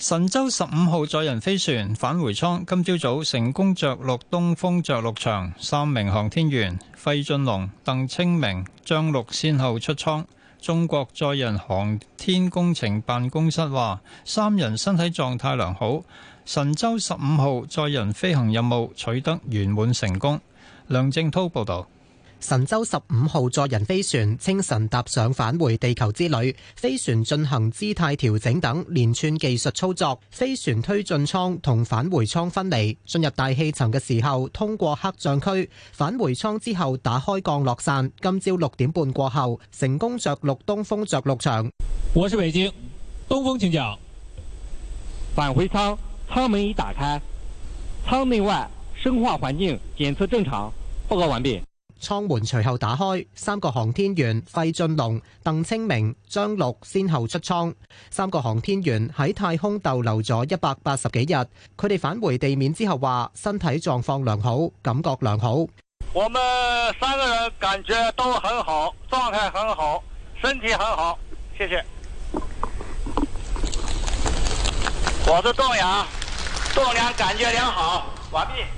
神舟十五號載人飛船返回艙今朝早，早成功着陸東風着陸場，三名航天員費俊龍、鄧清明、張陸先後出艙。中國載人航天工程辦公室話，三人身體狀態良好，神舟十五號載人飛行任務取得圓滿成功。梁正濤報道。神舟十五號載人飛船清晨踏上返回地球之旅，飛船進行姿態調整等連串技術操作，飛船推進艙同返回艙分離，進入大氣層嘅時候通過黑障區，返回艙之後打開降落傘。今朝六點半過後，成功着陸東風着陸場。我是北京東風請教，請講。返回艙艙門已打開，艙內外生化環境檢測正常，報告完畢。艙門隨後打開，三個航天員費俊龍、鄧清明、張陸先後出艙。三個航天員喺太空逗留咗一百八十幾日，佢哋返回地面之後話身體狀況良好，感覺良好。我們三個人感覺都很好，狀態很好，身體很好，謝謝。我是棟樑，棟樑感覺良好，完畢。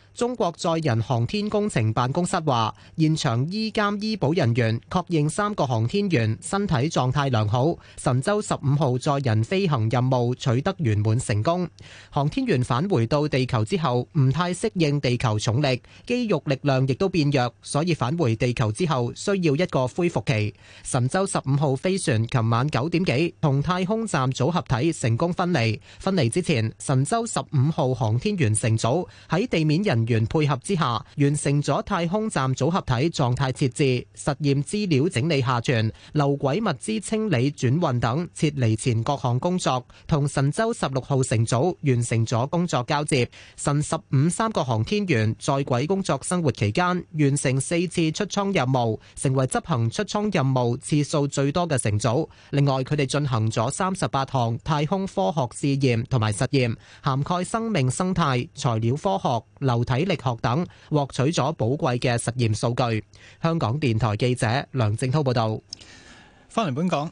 中國載人航天工程辦公室話，現場醫監醫保人員確認三個航天員身體狀態良好，神舟十五號載人飛行任務取得圓滿成功。航天員返回到地球之後，唔太適應地球重力，肌肉力量亦都變弱，所以返回地球之後需要一個恢復期。神舟十五號飛船琴晚九點幾同太空站組合體成功分離，分離之前，神舟十五號航天員乘組喺地面人，員配合之下，完成咗太空站組合體狀態設置、實驗資料整理下傳、留軌物資清理轉運等撤離前各項工作，同神舟十六號乘組完成咗工作交接。神十五三個航天員在軌工作生活期間，完成四次出艙任務，成為執行出艙任務次數最多嘅乘組。另外，佢哋進行咗三十八項太空科學試驗同埋實驗，涵蓋生命生態、材料科學、流。體力學等，獲取咗寶貴嘅實驗數據。香港電台記者梁正濤報道。翻嚟本港。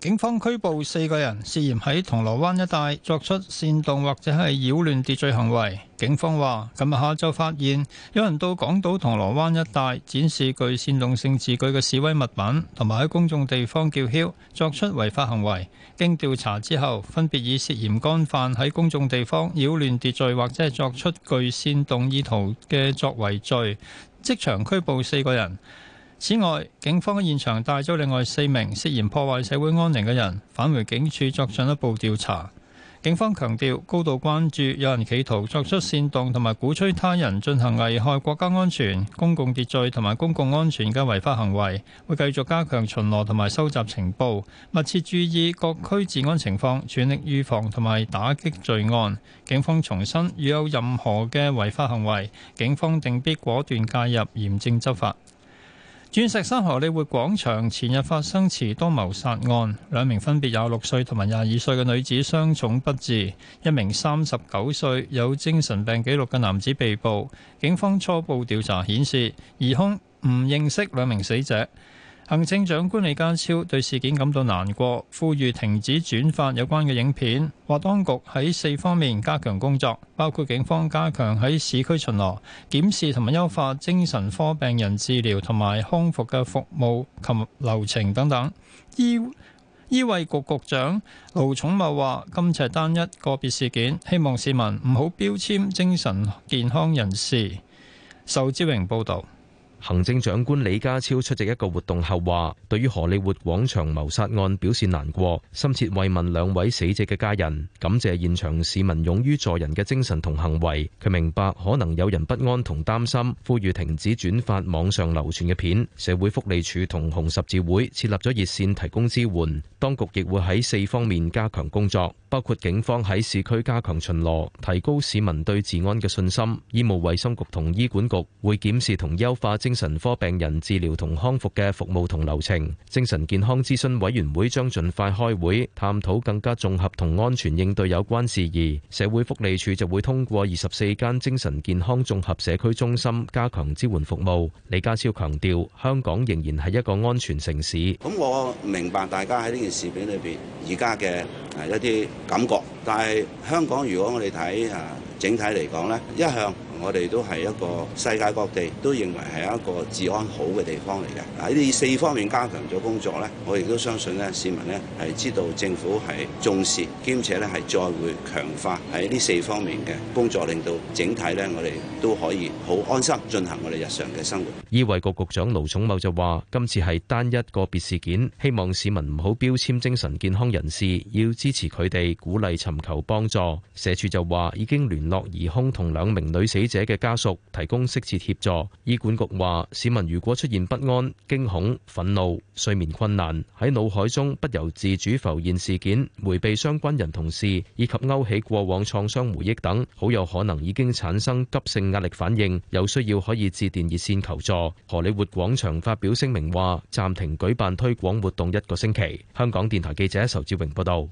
警方拘捕四個人，涉嫌喺銅鑼灣一帶作出煽動或者係擾亂秩序行為，警方話今日下晝發現有人到港島銅鑼灣一帶展示具煽動性字句嘅示威物品，同埋喺公眾地方叫囂作出違法行為，經調查之後分別以涉嫌干犯喺公眾地方擾亂秩序或者係作出具煽動意圖嘅作為罪，即場拘捕四個人。此外，警方喺現場帶咗另外四名涉嫌破壞社會安寧嘅人，返回警署作進一步調查。警方強調高度關注有人企圖作出煽動，同埋鼓吹他人進行危害國家安全、公共秩序同埋公共安全嘅違法行為，會繼續加強巡邏同埋收集情報，密切注意各區治安情況，全力預防同埋打擊罪案。警方重申，如有任何嘅違法行為，警方定必果斷介入，嚴正執法。鑽石山荷里活廣場前日發生持刀謀殺案，兩名分別廿六歲同埋廿二歲嘅女子傷重不治，一名三十九歲有精神病記錄嘅男子被捕。警方初步調查顯示，疑兇唔認識兩名死者。行政長官李家超對事件感到難過，呼籲停止轉發有關嘅影片，話當局喺四方面加強工作，包括警方加強喺市區巡邏、檢視同埋優化精神科病人治療同埋康復嘅服務及流程等等。醫醫衛局局長盧寵茂話：今次係單一個別事件，希望市民唔好標籤精神健康人士。仇志榮報道。行政長官李家超出席一個活動後話，對於荷里活廣場謀殺案表示難過，深切慰問兩位死者嘅家人，感謝現場市民勇於助人嘅精神同行為。佢明白可能有人不安同擔心，呼籲停止轉發網上流傳嘅片。社會福利署同紅十字會設立咗熱線提供支援。當局亦會喺四方面加強工作，包括警方喺市區加強巡邏，提高市民對治安嘅信心；醫務衞生局同醫管局會檢視同優化精神科病人治療同康復嘅服務同流程。精神健康諮詢委員會將盡快開會，探討更加綜合同安全應對有關事宜。社會福利署就會通過二十四間精神健康綜合社區中心加強支援服務。李家超強調，香港仍然係一個安全城市。咁我明白大家喺呢。視片裏邊而家嘅誒一啲感覺，但係香港如果我哋睇啊，整體嚟講咧，一向。我哋都係一個世界各地都認為係一個治安好嘅地方嚟嘅。喺呢四方面加強咗工作咧，我亦都相信咧，市民咧係知道政府係重視，兼且咧係再會強化喺呢四方面嘅工作，令到整體咧我哋都可以好安心進行我哋日常嘅生活。醫衛局局長盧寵茂就話今次係單一個別事件，希望市民唔好標籤精神健康人士，要支持佢哋，鼓勵尋求幫助。社署就話已經聯絡疑兇同兩名女死。者嘅家屬提供適切協助。醫管局話，市民如果出現不安、驚恐、憤怒、睡眠困難，喺腦海中不由自主浮現事件，回避相關人同事，以及勾起過往創傷回憶等，好有可能已經產生急性壓力反應。有需要可以致電熱線求助。荷里活廣場發表聲明話，暫停舉辦推廣活動一個星期。香港電台記者仇志榮報道。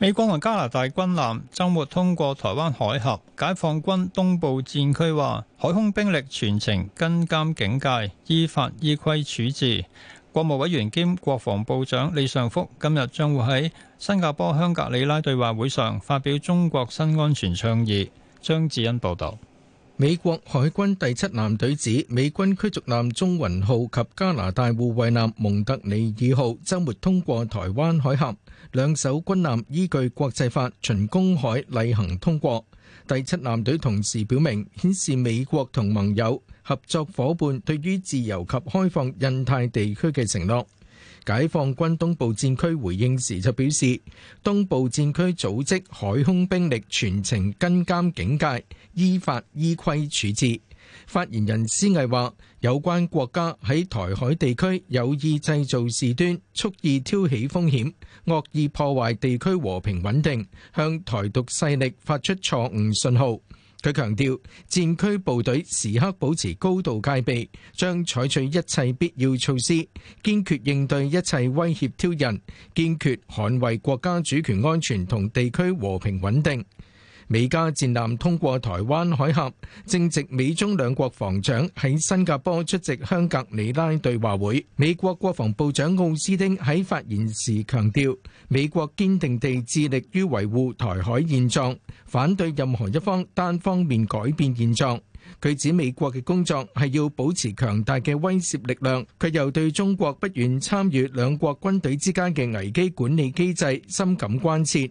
美國和加拿大軍艦周末通過台灣海峽。解放軍東部戰區話，海空兵力全程跟監警戒，依法依規處置。國務委員兼國防部長李尚福今日將會喺新加坡香格里拉對話會上發表中國新安全倡議。張智恩報道。美國海軍第七艦隊指，美軍驅逐艦中雲號及加拿大護衛艦蒙特利爾號週末通過台灣海峽，兩艘軍艦依據國際法巡公海例行通過。第七艦隊同時表明，顯示美國同盟友合作伙伴對於自由及開放印太地區嘅承諾。解放軍東部戰區回應時就表示，東部戰區組織海空兵力全程跟監警戒，依法依規處置。發言人施毅話，有關國家喺台海地區有意製造事端，蓄意挑起風險，惡意破壞地區和平穩定，向台獨勢力發出錯誤信號。佢強調，戰區部隊時刻保持高度戒備，將採取一切必要措施，堅決應對一切威脅挑釁，堅決捍衛國家主權安全同地區和平穩定。美加戰艦通過台灣海峽，正值美中兩國防長喺新加坡出席香格里拉對話會。美國國防部長奧斯汀喺發言時強調，美國堅定地致力於維護台海現狀，反對任何一方單方面改變現狀。佢指美國嘅工作係要保持強大嘅威懾力量，卻又對中國不願參與兩國軍隊之間嘅危機管理機制深感關切。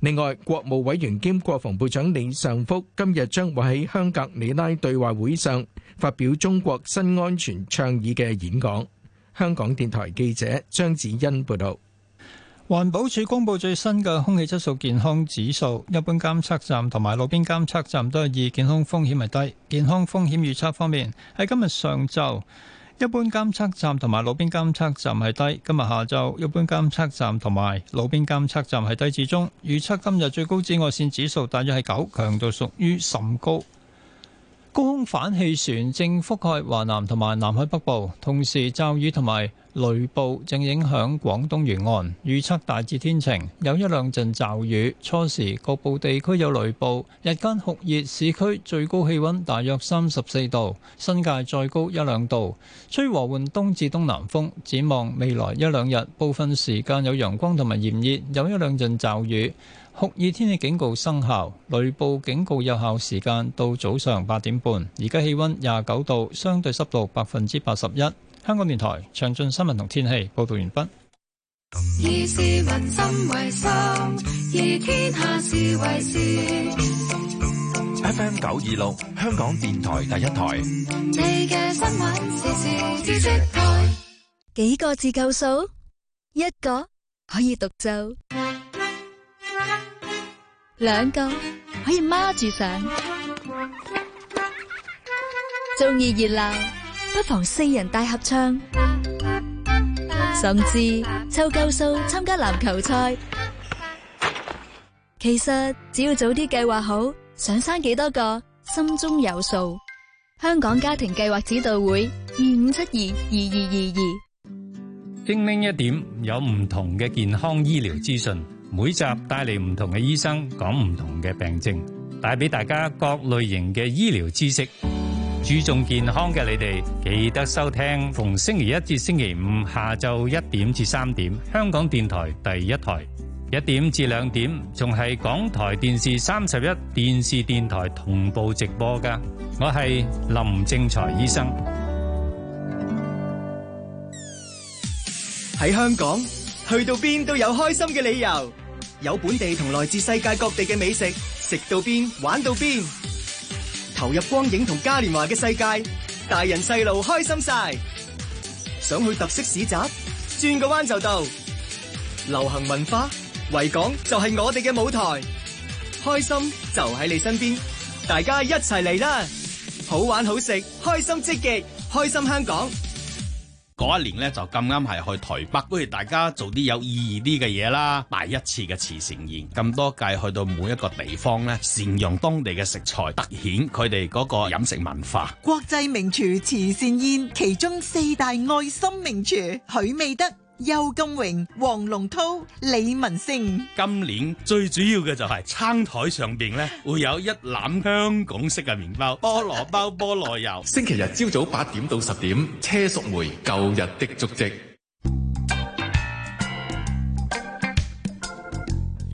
另外，國務委員兼國防部長李尚福今日將會喺香格里拉對話會上發表中國新安全倡議嘅演講。香港電台記者張子欣報道。環保署公布最新嘅空氣質素健康指數，一般監測站同埋路邊監測站都係二，健康風險係低。健康風險預測方面，喺今日上晝，一般監測站同埋路邊監測站係低，今日下晝一般監測站同埋路邊監測站係低至中，預測今日最高紫外線指數大約係九，強度屬於甚高。高空反氣旋正覆蓋華南同埋南海北部，同時驟雨同埋。雷暴正影響廣東沿岸，預測大致天晴，有一兩陣驟雨。初時各部地區有雷暴，日間酷熱，市區最高氣温大約三十四度，新界再高一兩度，吹和緩東至東南風。展望未來一兩日，部分時間有陽光同埋炎熱，有一兩陣驟雨，酷熱天氣警告生效，雷暴警告有效時間到早上八點半。而家氣温廿九度，相對濕度百分之八十一。香港電台詳盡新聞同天氣報道完畢。以市民心為心，以天下事為事。F M 九二六，香港電台第一台。你嘅新聞時事知識台。幾個字夠數？一個可以獨奏，兩個可以孖住上，中意熱鬧，不妨四人大合唱，甚至湊夠數參加籃球賽。其實只要早啲計劃好，想生幾多個，心中有數。香港家庭計劃指導會二五七二二二二二。精明一點，有唔同嘅健康醫療資訊，每集帶嚟唔同嘅醫生講唔同嘅病症，帶俾大家各類型嘅醫療知識。注重健康嘅你哋，記得收聽，逢星期一至星期五下晝一點至三點，香港電台第一台一點至兩點，仲係港台電視三十一電視電台同步直播㗎。我係林正財醫生。喺香港，去到邊都有開心嘅理由，有本地同來自世界各地嘅美食，食到邊玩到邊。投入光影同嘉年華嘅世界，大人細路開心晒。想去特色市集，轉個彎就到。流行文化，維港就係我哋嘅舞台，開心就喺你身邊，大家一齊嚟啦！好玩好食，開心積極，開心香港。嗰一年咧就咁啱係去台北，不如大家做啲有意義啲嘅嘢啦。第一次嘅慈善宴，咁多屆去到每一個地方咧，善用當地嘅食材，凸顯佢哋嗰個飲食文化。國際名廚慈善宴，其中四大愛心名廚許未德。邱金榮、黃龍濤、李文星，今年最主要嘅就係餐台上邊咧會有一籃香港式嘅麵包、菠蘿包、菠蘿油。星期日朝早八點到十點，車淑梅《舊日的足跡》。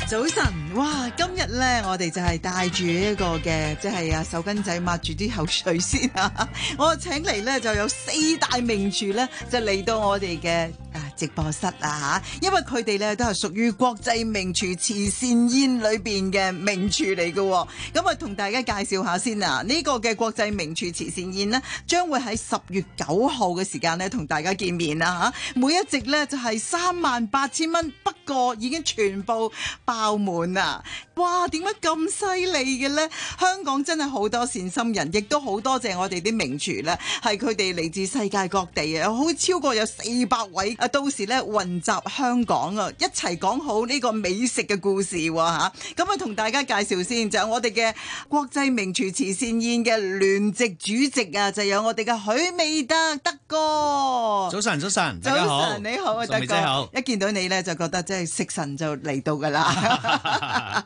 早晨，哇！今日咧，我哋就係帶住呢個嘅，即係啊手巾仔抹住啲口水先啊！我請嚟咧就有四大名廚咧，就嚟到我哋嘅，誒，直播室啊吓，因為佢哋咧都係屬於國際名廚慈善宴裏邊嘅名廚嚟嘅，哦，咁啊同大家介紹下先啊，呢，這個嘅國際名廚慈善宴咧，將會喺十月九號嘅時間咧同大家見面啦，啊，吓，每一席咧就係三萬八千蚊，不過已經全部爆滿啦，哇，點解咁犀利嘅咧？香港真係好多善心人，亦都好多謝我哋啲名廚咧，係佢哋嚟自世界各地啊，好超過有四百位啊都。時咧雲集香港啊，一齊講好呢個美食嘅故事喎吓，咁啊，同大家介紹先，就係我哋嘅國際名廚慈善宴嘅聯席主席啊，就有我哋嘅許美德德哥。早晨，早晨，早晨你好，啊德哥，一見到你咧就覺得即係食神就嚟到噶啦。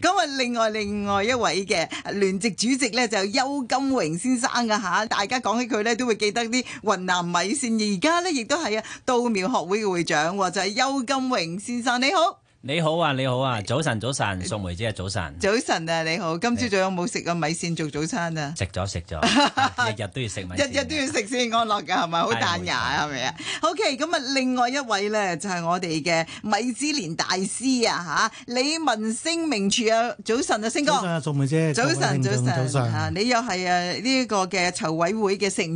咁 啊 是，另外另外一位嘅聯席主席咧就邱金榮先生嘅吓、啊，大家講起佢咧都會記得啲雲南米綫，而家咧亦都係啊，到苗。學會嘅會長就係、是、邱金榮先生，你好，你好啊，你好啊，早晨，早晨，宋梅姐啊，早晨，早晨啊，你好，今朝早有冇食過米線做早餐啊？食咗食咗，日日 都要食米線，日日都要食先安樂噶係咪？好彈牙，係咪啊？好嘅、嗯，咁啊，okay, 另外一位咧就係、是、我哋嘅米芝蓮大師啊，吓，李文星名廚啊，早晨啊，星哥、啊，宋梅姐，早晨，早晨，早晨，你又係誒呢個嘅籌委會嘅成員。